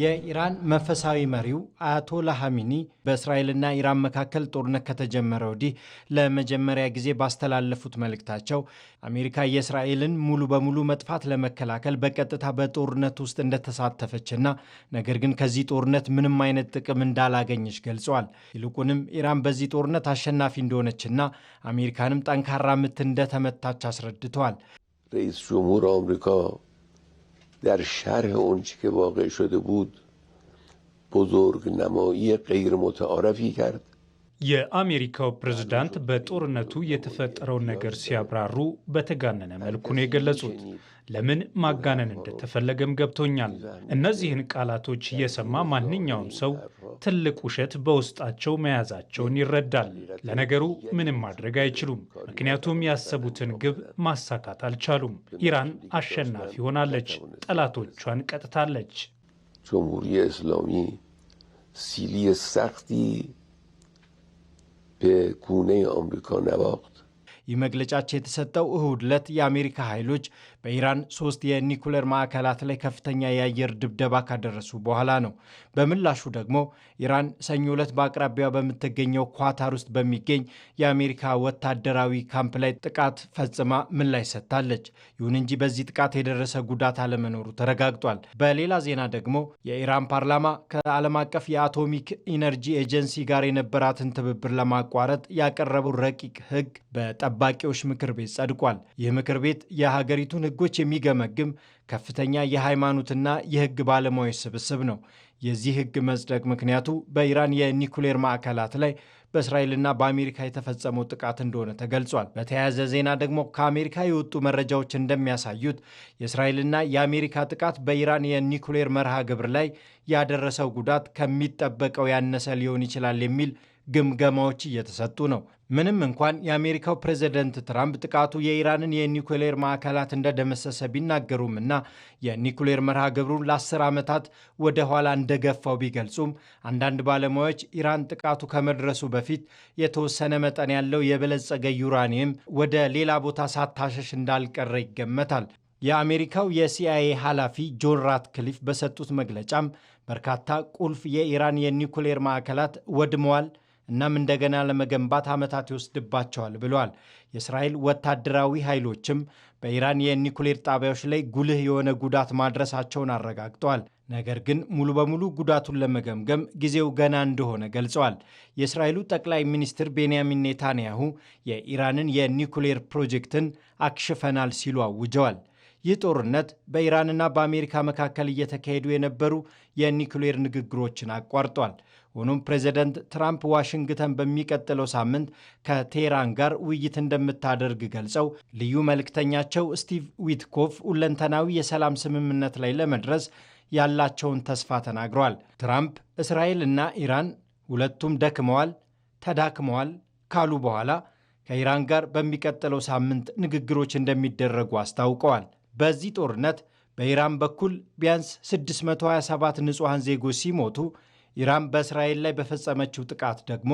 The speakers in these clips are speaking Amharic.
የኢራን መንፈሳዊ መሪው አያቶላ ሐሚኒ በእስራኤልና ኢራን መካከል ጦርነት ከተጀመረ ወዲህ ለመጀመሪያ ጊዜ ባስተላለፉት መልእክታቸው አሜሪካ የእስራኤልን ሙሉ በሙሉ መጥፋት ለመከላከል በቀጥታ በጦርነት ውስጥ እንደተሳተፈችና ነገር ግን ከዚህ ጦርነት ምንም አይነት ጥቅም እንዳላገኘች ገልጸዋል። ይልቁንም ኢራን በዚህ ጦርነት አሸናፊ እንደሆነችና አሜሪካንም ጠንካራ ምት እንደተመታች አስረድተዋል። در شرح اونچه که واقع شده بود بزرگ نمایی غیر متعارفی کرد የአሜሪካው ፕሬዝዳንት በጦርነቱ የተፈጠረውን ነገር ሲያብራሩ በተጋነነ መልኩ ነው የገለጹት። ለምን ማጋነን እንደተፈለገም ገብቶኛል። እነዚህን ቃላቶች እየሰማ ማንኛውም ሰው ትልቅ ውሸት በውስጣቸው መያዛቸውን ይረዳል። ለነገሩ ምንም ማድረግ አይችሉም። کنیا تو می آسبوتن گب ما ساختال چالو ایران آشنافی هونالچ طلا تو چوان کطتالچ جمهور اسلامی سیلی سختی به گونه آمریکا نبافت ይህ መግለጫቸው የተሰጠው እሁድ ዕለት የአሜሪካ ኃይሎች በኢራን ሶስት የኒኩለር ማዕከላት ላይ ከፍተኛ የአየር ድብደባ ካደረሱ በኋላ ነው። በምላሹ ደግሞ ኢራን ሰኞ ዕለት በአቅራቢያ በምትገኘው ኳታር ውስጥ በሚገኝ የአሜሪካ ወታደራዊ ካምፕ ላይ ጥቃት ፈጽማ ምላሽ ሰጥታለች። ይሁን እንጂ በዚህ ጥቃት የደረሰ ጉዳት አለመኖሩ ተረጋግጧል። በሌላ ዜና ደግሞ የኢራን ፓርላማ ከዓለም አቀፍ የአቶሚክ ኢነርጂ ኤጀንሲ ጋር የነበራትን ትብብር ለማቋረጥ ያቀረበው ረቂቅ ሕግ በጠ ጠባቂዎች ምክር ቤት ጸድቋል። ይህ ምክር ቤት የሀገሪቱን ሕጎች የሚገመግም ከፍተኛ የሃይማኖትና የሕግ ባለሙያዎች ስብስብ ነው። የዚህ ሕግ መጽደቅ ምክንያቱ በኢራን የኒኩሌር ማዕከላት ላይ በእስራኤልና በአሜሪካ የተፈጸመው ጥቃት እንደሆነ ተገልጿል። በተያያዘ ዜና ደግሞ ከአሜሪካ የወጡ መረጃዎች እንደሚያሳዩት የእስራኤልና የአሜሪካ ጥቃት በኢራን የኒኩሌር መርሃ ግብር ላይ ያደረሰው ጉዳት ከሚጠበቀው ያነሰ ሊሆን ይችላል የሚል ግምገማዎች እየተሰጡ ነው። ምንም እንኳን የአሜሪካው ፕሬዝደንት ትራምፕ ጥቃቱ የኢራንን የኒውክሌር ማዕከላት እንደደመሰሰ ቢናገሩም እና የኒኩሌር መርሃ ግብሩን ለአስር ዓመታት ወደ ኋላ እንደገፋው ቢገልጹም አንዳንድ ባለሙያዎች ኢራን ጥቃቱ ከመድረሱ በፊት የተወሰነ መጠን ያለው የበለጸገ ዩራኒየም ወደ ሌላ ቦታ ሳታሸሽ እንዳልቀረ ይገመታል። የአሜሪካው የሲአይኤ ኃላፊ ጆን ራትክሊፍ በሰጡት መግለጫም በርካታ ቁልፍ የኢራን የኒውክሌር ማዕከላት ወድመዋል እናም እንደገና ለመገንባት ዓመታት ይወስድባቸዋል ብሏል። የእስራኤል ወታደራዊ ኃይሎችም በኢራን የኒኩሌር ጣቢያዎች ላይ ጉልህ የሆነ ጉዳት ማድረሳቸውን አረጋግጠዋል። ነገር ግን ሙሉ በሙሉ ጉዳቱን ለመገምገም ጊዜው ገና እንደሆነ ገልጸዋል። የእስራኤሉ ጠቅላይ ሚኒስትር ቤንያሚን ኔታንያሁ የኢራንን የኒኩሌር ፕሮጀክትን አክሽፈናል ሲሉ አውጀዋል። ይህ ጦርነት በኢራንና በአሜሪካ መካከል እየተካሄዱ የነበሩ የኒኩሌር ንግግሮችን አቋርጧል። ሆኖም ፕሬዚደንት ትራምፕ ዋሽንግተን በሚቀጥለው ሳምንት ከቴህራን ጋር ውይይት እንደምታደርግ ገልጸው ልዩ መልእክተኛቸው ስቲቭ ዊትኮፍ ሁለንተናዊ የሰላም ስምምነት ላይ ለመድረስ ያላቸውን ተስፋ ተናግረዋል። ትራምፕ እስራኤል እና ኢራን ሁለቱም ደክመዋል፣ ተዳክመዋል ካሉ በኋላ ከኢራን ጋር በሚቀጥለው ሳምንት ንግግሮች እንደሚደረጉ አስታውቀዋል። በዚህ ጦርነት በኢራን በኩል ቢያንስ 627 ንጹሐን ዜጎች ሲሞቱ ኢራን በእስራኤል ላይ በፈጸመችው ጥቃት ደግሞ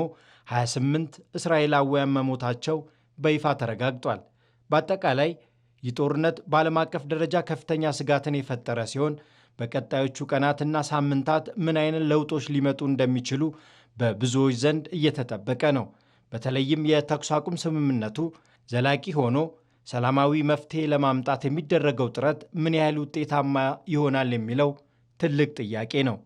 28 እስራኤላውያን መሞታቸው በይፋ ተረጋግጧል። በአጠቃላይ ይህ ጦርነት በዓለም አቀፍ ደረጃ ከፍተኛ ስጋትን የፈጠረ ሲሆን በቀጣዮቹ ቀናትና ሳምንታት ምን አይነት ለውጦች ሊመጡ እንደሚችሉ በብዙዎች ዘንድ እየተጠበቀ ነው። በተለይም የተኩስ አቁም ስምምነቱ ዘላቂ ሆኖ ሰላማዊ መፍትሔ ለማምጣት የሚደረገው ጥረት ምን ያህል ውጤታማ ይሆናል የሚለው ትልቅ ጥያቄ ነው።